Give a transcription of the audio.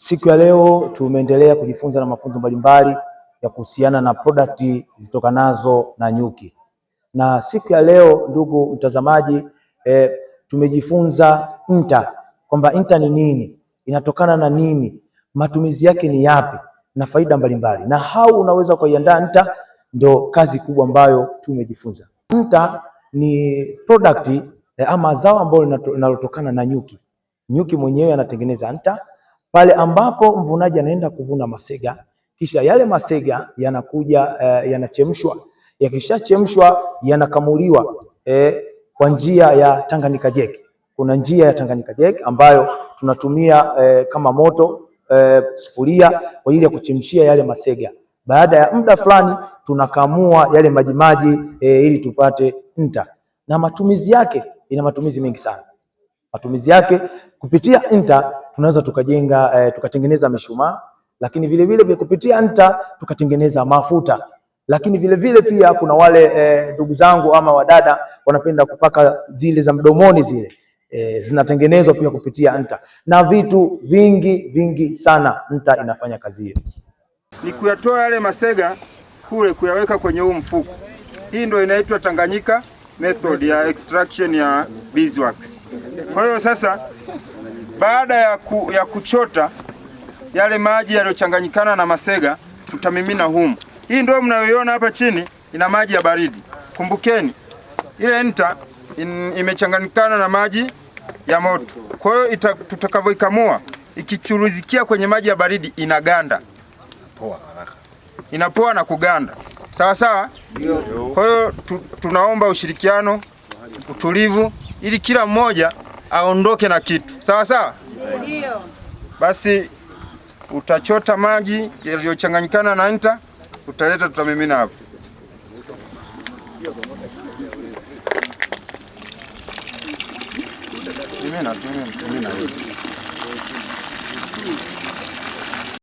Siku ya leo tumeendelea kujifunza na mafunzo mbalimbali ya kuhusiana na product zitokanazo na nyuki, na siku ya leo ndugu mtazamaji eh, tumejifunza nta, kwamba nta ni nini, inatokana na nini, matumizi yake ni yapi na faida mbalimbali, na hau unaweza kuiandaa nta. Ndo kazi kubwa ambayo tumejifunza. Nta ni product eh, ama zao ambalo linalotokana na nyuki. Nyuki mwenyewe anatengeneza nta pale ambapo mvunaji anaenda kuvuna masega, kisha yale masega yanakuja uh, yanachemshwa. Yakishachemshwa yanakamuliwa eh, kwa njia ya Tanganyika jeki. Kuna njia ya Tanganyika jeki ambayo tunatumia eh, kama moto eh, sufuria kwa ajili ya kuchemshia yale masega. Baada ya muda fulani tunakamua yale majimaji eh, ili tupate nta, na matumizi yake ina matumizi mengi sana. Matumizi yake kupitia nta tunaweza tukajenga eh, tukatengeneza mishumaa, lakini vile vile vya kupitia nta tukatengeneza mafuta. Lakini vile vile pia kuna wale eh, ndugu eh, zangu ama wadada wanapenda kupaka zile za mdomoni zile e, zinatengenezwa pia kupitia nta na vitu vingi vingi sana, nta inafanya kazi hiyo. Ni kuyatoa yale masega kule kuyaweka kwenye huu mfuko. Hii ndio inaitwa Tanganyika method ya extraction ya beeswax. Kwa hiyo sasa baada ya, ku, ya kuchota yale maji yaliyochanganyikana na masega tutamimina humu. Hii ndio mnayoiona hapa chini ina maji ya baridi. Kumbukeni ile nta in, imechanganyikana na maji ya moto. Kwa hiyo tutakavyoikamua ikichuruzikia kwenye maji ya baridi inaganda, inapoa na kuganda sawa sawa. Kwa hiyo tu, tunaomba ushirikiano, utulivu, ili kila mmoja aondoke na kitu sawa sawa. Ndio. Basi utachota maji yaliyochanganyikana na nta, utaleta tutamimina hapo. Mimina, mimina, mimina.